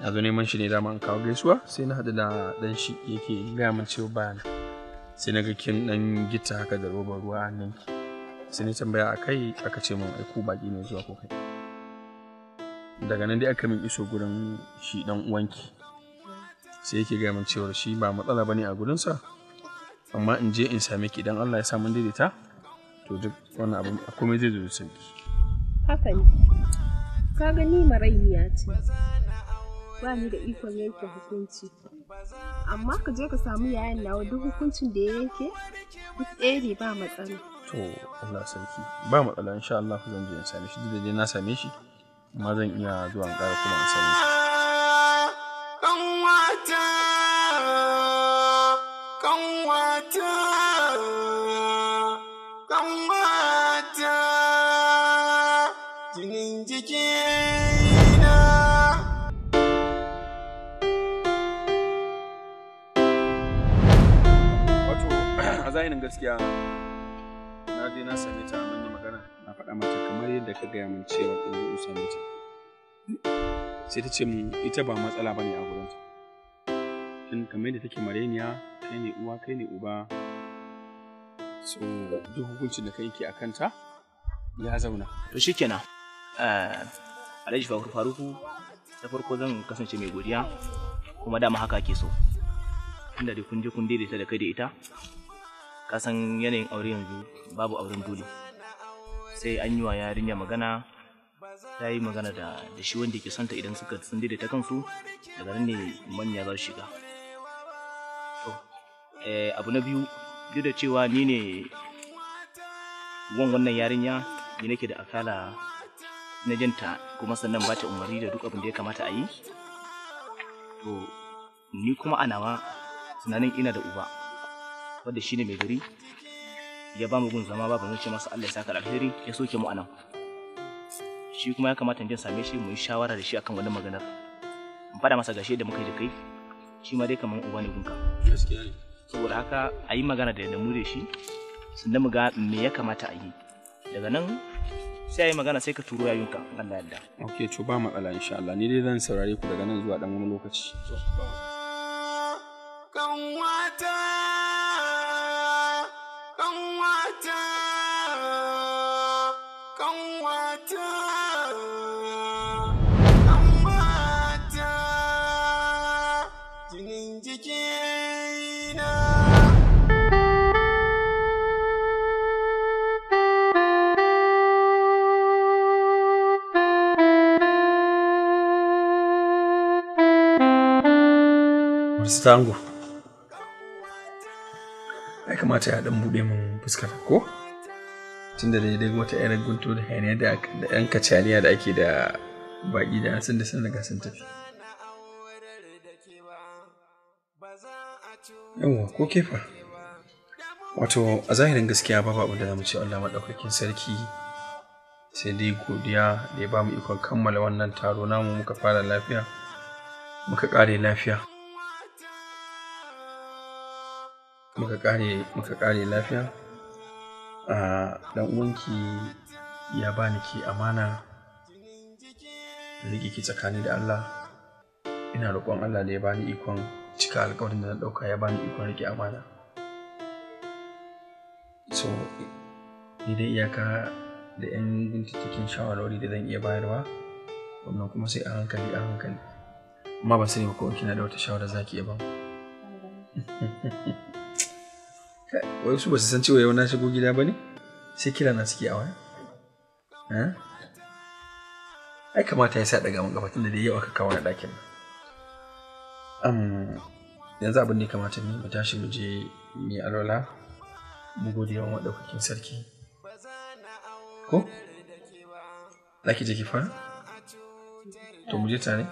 na zo neman shi ne dama an kawo gaisuwa sai na haɗu da ɗan shi yake gaya min cewa bayan sai na ga kin ɗan gita haka da robar ruwa a nan sai na tambaya a kai aka ce min aiku baki ne zuwa ko kai daga nan dai aka min iso gurin shi ɗan uwanki sai yake gaya min cewar shi ba matsala bane a gurinsa amma in je in same ki idan Allah ya sa mun daidaita to duk wani abu komai zai zo sauki haka ne ka ga ni marayya ce ba ni da ikon yanke hukunci amma ka je ka samu yayan nawa duk hukuncin da ya yanke duk ɗaya ba matsala to Allah sarki ba matsala insha Allah zan je in same shi duk da dai na same shi amma zan iya zuwa in kara kuma in same shi gaskiya na je na same ta mun yi magana na faɗa mata kamar yadda ka gaya min cewa in yi usa mata sai ta ce mu ita ba matsala bane a gurin ta in kamar yadda take mareniya kai ne uwa kai ne uba so duk hukuncin da kai ke a kanta ya zauna to shikenan eh, alhaji faruku da farko zan kasance mai godiya kuma dama haka ke so tunda da kun je kun daidaita da kai da ita kasan yanayin aure yanzu babu auren dole sai an yi wa yarinya magana ta yi magana da shi wanda ke santa idan suka sun daidaita kansu daga nan ne manya za su shiga to eh, abu na biyu duk da cewa ni ne wan wannan yarinya ni nake da akala na jinta kuma sannan ba ta umarni da duk abin da ya kamata a yi to ni kuma a tunanin ina da uba wanda shine mai gari ya ba mu gun zama ba bazan ce masa Allah ya saka alheri ya soke mu anan shi kuma ya kamata in same shi mu yi shawara da shi akan wannan maganar in fada masa gashi da muka yi da kai shi ma dai kamar uba ne gunka gaskiya ne saboda haka a yi magana da mu da shi sannan mu ga me ya kamata a yi daga nan sai a yi magana sai ka turo yayinka Allah yarda ok to ba matsala insha Allah ni dai zan saurare ku daga nan zuwa dan wani lokaci kan wata Stango. Ya kamata ya dan bude mun fuskar ko? Tun da dai wata ƴar gunto da hayaniya da yan kacaliya da ake da baƙi da an san da sun daga sun tafi. Yawwa ko kefa? Wato a zahirin gaskiya babu abin da za ce Allah madaukakin sarki sai dai godiya da ya ba mu ikon kammala wannan taro namu muka fara lafiya muka ƙare lafiya muka kare muka kare lafiya dan uwanki ya bani ki amana rike ki tsakani da Allah ina roƙon Allah da ya bani ikon cika alƙawarin da na ɗauka ya bani ikon rike amana so ni dai iyaka da 'yan binciken shawarwari da zan iya bayarwa wannan kuma sai a hankali a hankali amma ba sai ba ko kina da wata shawara zaki iya ba wai su ba su san cewa yau na shigo gida ba ne sai kira na suke a waya ai kamata ya sa daga mun kafa tunda da yau aka kawo na ɗakin nan yanzu abin da ya kamata ne mu tashi mu je mu yi alwala mu gode wa maɗaukakin sarki ko za ki je ki fara to mu je tare.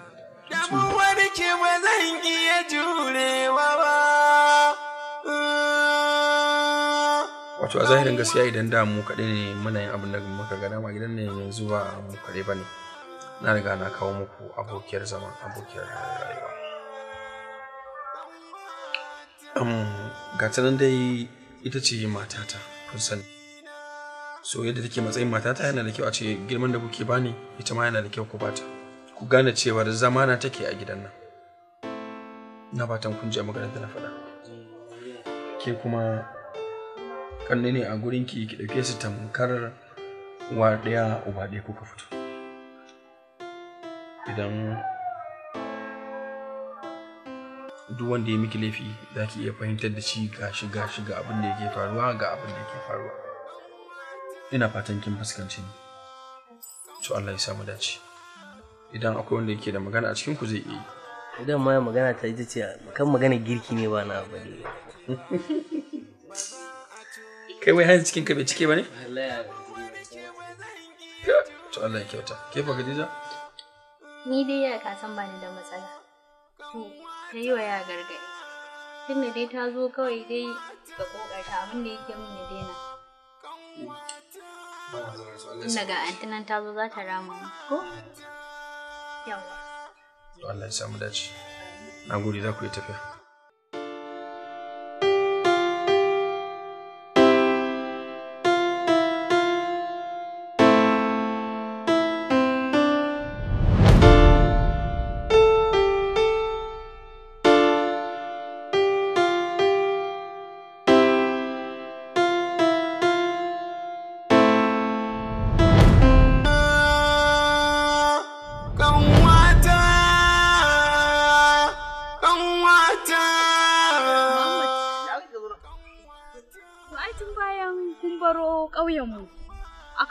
Damuwar ki ba zan iya jurewa ba. wato a zahirin gaskiya idan da mu kaɗai ne muna yin abin da muka ga dama gidan ne yanzu ba mu kaɗai ba ne na riga na kawo muku abokiyar zaman abokiyar rayuwa um, ga nan dai ita ce matata kun sani so yadda take matsayin matata yana da kyau a ce girman da kuke bani ita ma yana da kyau ku bata ku gane cewar zamana take a gidan nan na fatan kun ji maganar da na faɗa ke kuma kanne ne a gurin ki ki dauke su tamkar wa daya uba daya kuka fito idan duk wanda ya miki laifi za ki iya fahimtar da shi ga shi ga shi ga abin da yake faruwa ga abin da yake faruwa ina fatan kin fuskanci ni to Allah ya samu dace idan akwai wanda yake da magana a cikin ku zai iya idan ma magana ta ita ce kan magana girki ne ba na bane kai wai hanyar cikin ka bai cike ba ne to Allah ya kyauta ke fa Khadija ni dai ya ka san ba ni da matsala ta yi wa ya gargaɗi tun da dai ta zo kawai dai ga kokarta abin da yake mun daina daga antinan ta zo za ta rama ko yawa to Allah ya samu dace na gode za ku yi tafiya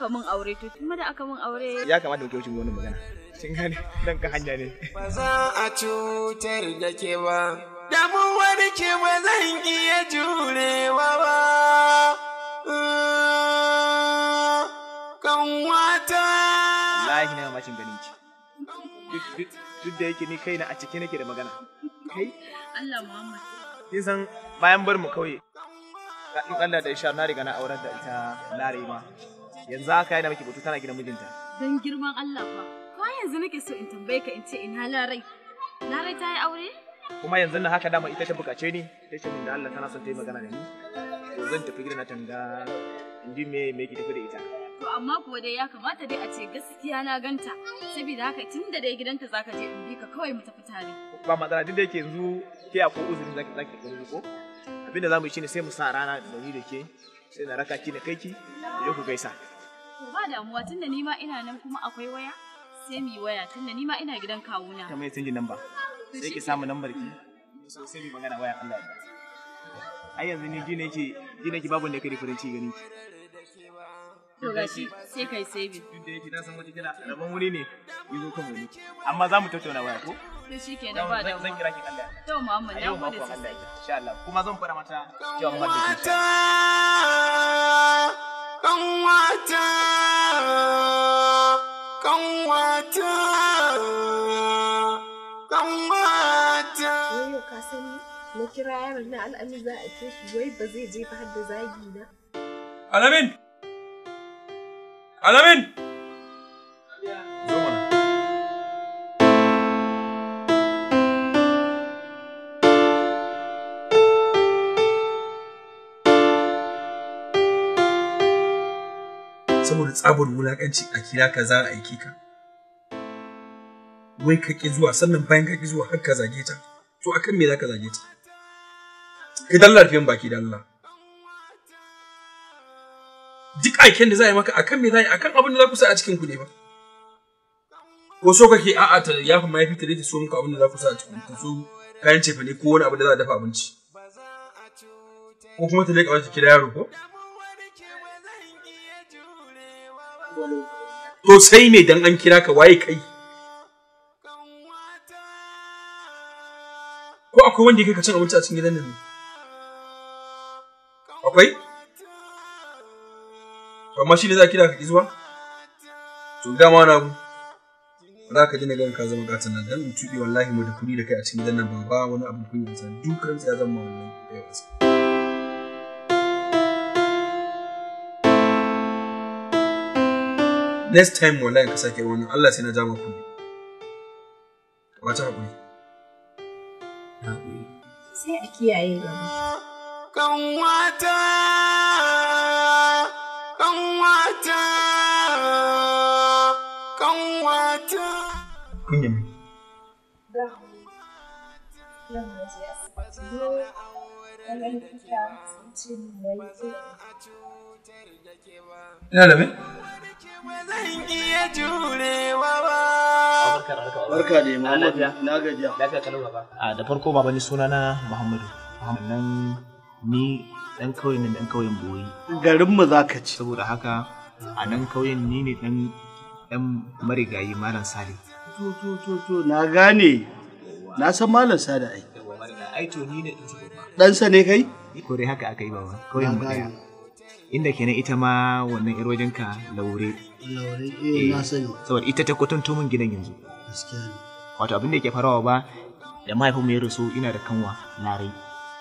aka min aure to kuma da aka min aure ya kamata mu kyauci wani magana kin gane dan ka hanya ne ba za a cutar da ke ba da mun warke ba zan iya jurewa ba kan wata lahi na mamacin ganin ki duk da yake ni kai na a ciki nake da magana kai Allah Muhammad kin san bayan bar mu kauye Allah da isha na riga na aurar da ita Larima yanzu haka yana miki butu tana gidan mijinta dan girman Allah fa ko yanzu nake so in tambaye ka in ce ina larai larai ta yi aure kuma yanzu na haka dama ita ta bukace ni ta ce min da Allah tana son ta yi magana da ni zan tafi gidan na tanga in ji me me ki tafi da ita to amma kuwa dai ya kamata dai a ce gaskiya na ganta saboda haka tun da dai gidanta zaka je in bi ka kawai mu tafi tare ba matsala duk da yake yanzu ke a ko uzuri zaki zaki gani ko abinda zamu yi shine sai mu sa rana da ni da ke sai na raka ki na kai ki ku gaisa damuwa tunda ni ma ina nan kuma akwai waya sai mu yi waya tunda ni ma ina gidan kawuna. Kamar canji namba. Sai ki samu lambar ki. sai mu magana waya Allah ya. Ai yanzu ni gina yake gina ki babu da kai farin ciki ganin ki. To gashi sai kai saving. Duk da yake na san wata kira rabon wuri ne yi zo kan wuri. Amma za mu tattauna waya ko? To shi ke nan ba da Zan kira ki Allah. To Muhammad ya gode sosai. Insha Allah kuma zan fara mata jawaban da kanwata kanwata kanwata yau ka sani na kira yaron na al'amin za a ce shi wai ba zai je ba har da zagi na alamin alamin tsabar wulakanci a kira ka za a aiki ka wai ka ki zuwa sannan bayan ka ki zuwa har ka zage ta to akan me za ka zage ta ka dalla fiyan baki da Allah duk aiken da za a yi maka akan me za a yi akan abin da za ku sa a cikin ku ne ba ko so kake a'a ta yafa mahaifi ta da so muka abin da za ku sa a cikin ku so kayan cefane ko wani abu da za a dafa abinci ko kuma ta leƙa wata kira yaro ko to sai me dan an kira ka waye kai ko akwai wanda yake cin abinci a cikin gidan nan akwai to amma shi ne za kira ka izuwa to dama na mu za ka ji na gan ka zama gatan nan dan mutubi wallahi mu da kuri da kai a cikin gidan nan ba wani abu kun yi dukan sai ya zama wallahi kai next time wallahi ka sake wannan Allah sai na ja maka ne ba ta hakuri sai a kiyaye gaba kan wata kan wata kan wata kunya mi Ina da me? zan iya jurewa ba. Barka da Muhammadu na gajiya. A da farko baba ni suna na Muhammadu. Nan ni dan kauyen ne dan kauyen boyi. Garin mu zaka ci. Saboda haka a nan kauyen ni ne dan dan marigayi Malam Sale. To to to to na gane. Na san Malam Sale ai. Ai to ni ne dan sa ne kai? Kore haka aka yi baba. Kauyen mu inda kenan ita ma wannan yar wajenka laure laure eh na eh, sani saboda ita ta kwatanto min gidan yanzu gaskiya wato abin da yake farawa ba da mahaifinmu ya rasu ina da kanwa larai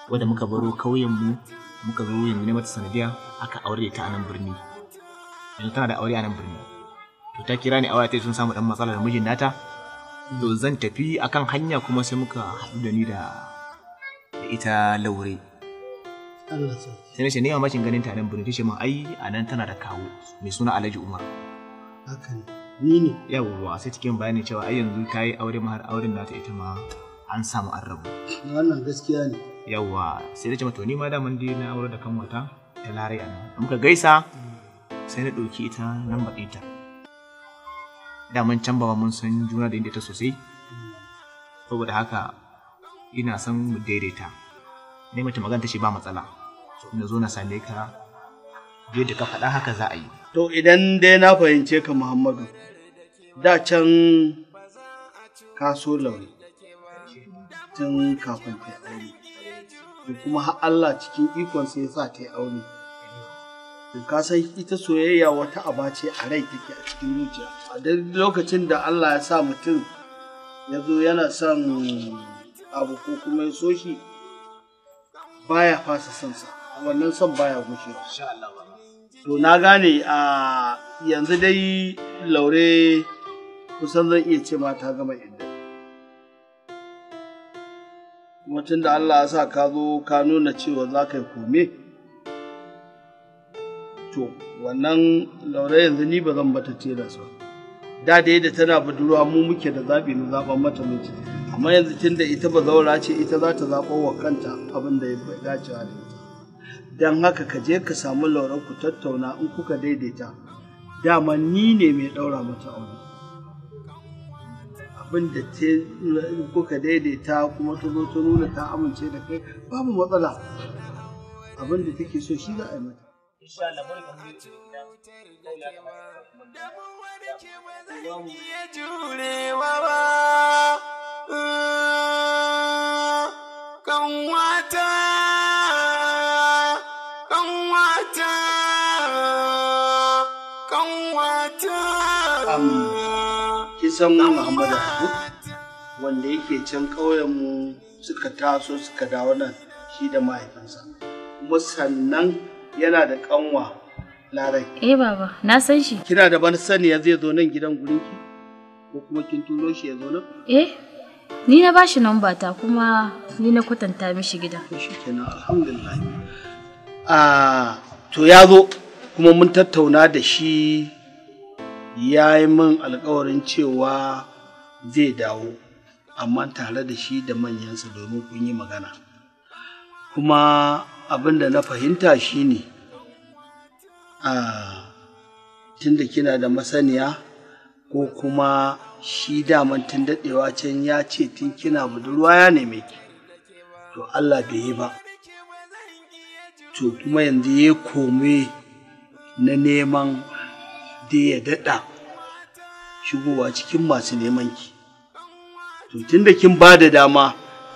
wanda muka baro ƙauyenmu muka zo yanzu ne mata sanadiya aka aure ta a nan birni yanzu tana da aure a nan birni to ta kira ni a waya ta sun samu dan matsala da mijin nata to zan tafi akan hanya kuma sai muka haɗu da ni da ita laure Allah sai ce nema mashin ganin tarin birnin birni min ai a nan tana da kawo mai suna Alhaji Umar hakan ni ne yawwa sai cikin bayani cewa a yanzu ta yi aure mahar auren nata ita ma an samu an rabu wannan gaskiya ne yawwa sai ta ce ni ma da mun na aure da kan kanwata ta larai a nan muka gaisa sai na ɗauki ita nan Da daman can ba mun san juna da inda ta sosai saboda haka ina son mu daidaita ne mace magana ta shi ba matsala na zo na same ka yadda ka faɗa haka za a yi to idan dai na fahimce ka muhammadu da can ka so lauri tun kafin ta aure kuma har Allah cikin ikon sai ya sa ta yi aure ka san ita soyayya wata aba ce a rai take a cikin zuciya a duk lokacin da Allah ya sa mutum ya zo yana son abu ko kuma ya so shi baya fasa son wannan son baya gushe. to na gane a yanzu dai laure kusan zan iya ce ma gama inda. kuma da Allah ya sa ka zo ka nuna cewa za ka yi kome to wannan laure yanzu ni ba zan bata tela ba da dai da tana budurwa mu muke da zaɓi na zaɓen mata mace. amma yanzu tun da ita ba zaura ce ita za ta zaɓo wa kanta abin da ya dace da don haka ka je ka samu lauran ku tattauna in kuka daidaita dama ni ne mai ɗaura mata aure abin da kuka daidaita kuma ta zo ta nuna ta amince da kai babu matsala abin da take so shi za a yi mata wani da jurewa ba san Muhammadu Abu wanda yake can ƙauyenmu suka taso suka dawo nan shi da mahaifinsa. Kuma sannan yana da ƙanwa Larai. Eh baba, na san shi. Kina da ban sani ya zai zo nan gidan gurinki? Ko kuma kin turo shi ya zo nan? Eh, ni na bashi namba ta kuma ni na kwatanta mishi gida. Shi kenan alhamdulillah. Ah, to ya zo kuma mun tattauna da shi ya yi min alkawarin cewa zai dawo amma tare da shi da manyansa domin kun yi magana kuma abin da na fahimta shine a tunda kina da masaniya ko kuma shi daman tun daɗewa can ya ce tun kina budurwa ya neme ki to Allah bai yi ba to kuma yanzu ya kome na neman dai ya daɗa shigowa cikin masu neman ki to tun kin ba da dama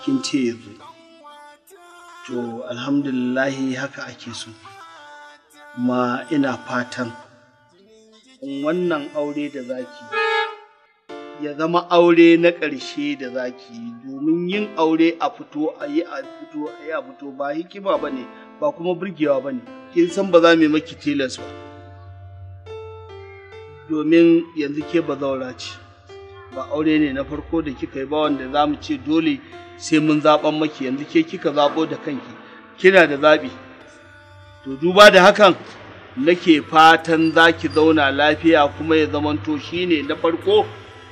kin ce ya zo to alhamdulillahi haka ake so ma ina fatan wannan aure da zaki ya zama aure na ƙarshe da zaki domin yin aure a fito a yi a fito a yi a fito ba hikima ba ba kuma burgewa bane. ne kin san ba za mu yi maki tilas ba domin yanzu ke ba zaura ce ba aure ne na farko da kika yi ba wanda za mu ce dole sai mun zaɓan maki yanzu ke kika zaɓo da kanki kina da zaɓi to duba da hakan nake fatan za ki zauna lafiya kuma ya zamanto shine na farko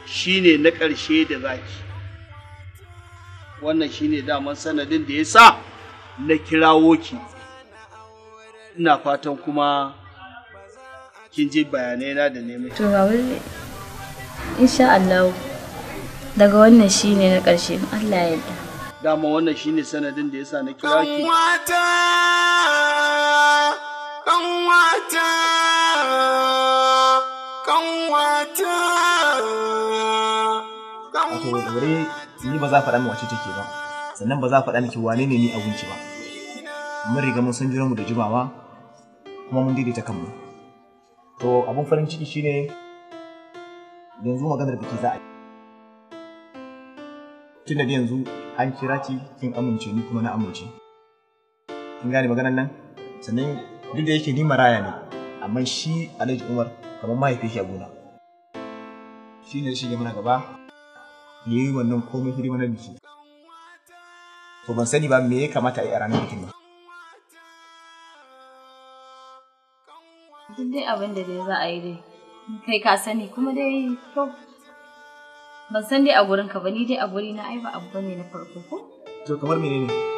shine na ƙarshe da zaki wannan shine daman sanadin da ya sa na kirawo ki ina fatan kuma kin je bayanai na da neman to ba wai insha Allah daga wannan shine na ƙarshe Allah ya yarda dama wannan shine sanadin da yasa na kira ki kanwata kanwata kanwata wato dore ni ba za faɗa min wace take ba sannan ba za faɗa miki wane ne ni abinci ba mun riga mun san junanmu da jimawa kuma mun daidaita kanmu to abin farin ciki shine yanzu maganar biki za a yi tun da yanzu an kira ki kin amince ni kuma na amince kin gane maganar nan sannan duk da yake ni maraya ne amma shi alhaji umar kamar mahaifin shi a gona shi ne shige mana gaba ya yi wannan komai na biki to ban sani ba me ya kamata a yi a ranar bikin nan duk dai abin da dai za a yi dai kai ka sani kuma dai to ban san dai a gurin ka ba ni dai a guri na ai ba abu bane na farko ko to kamar menene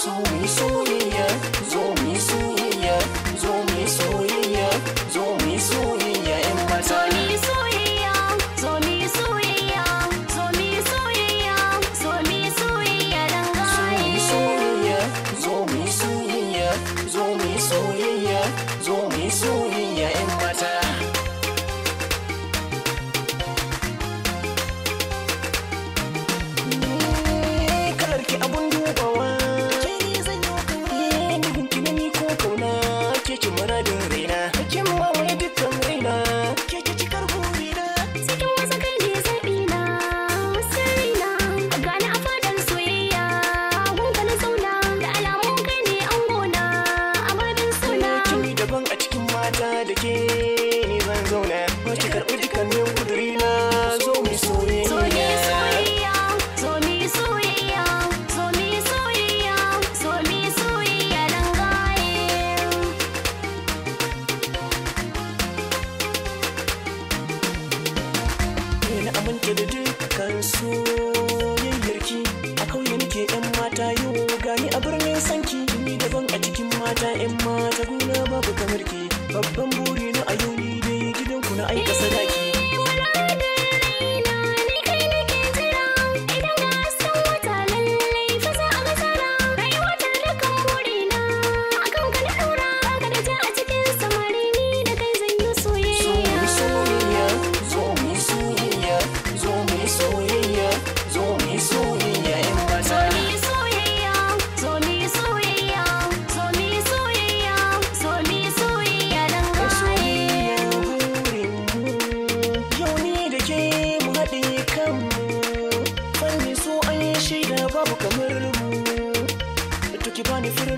数一数一眼。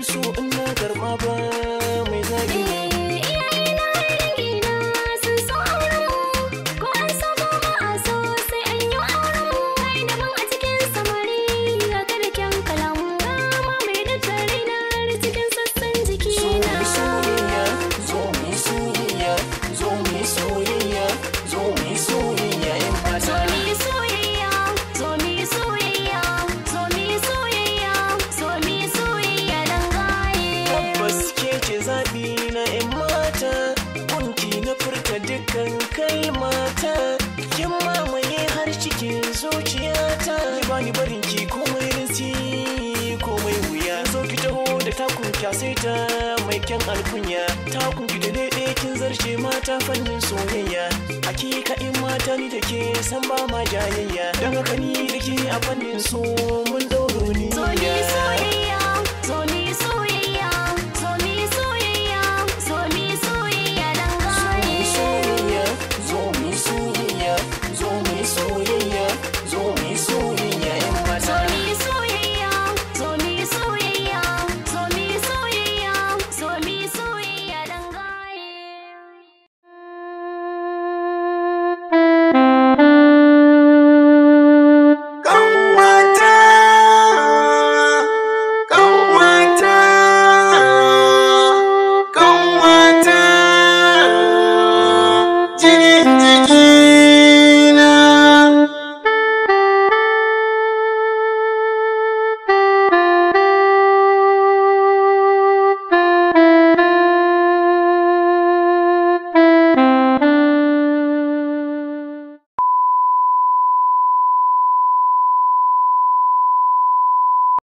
su in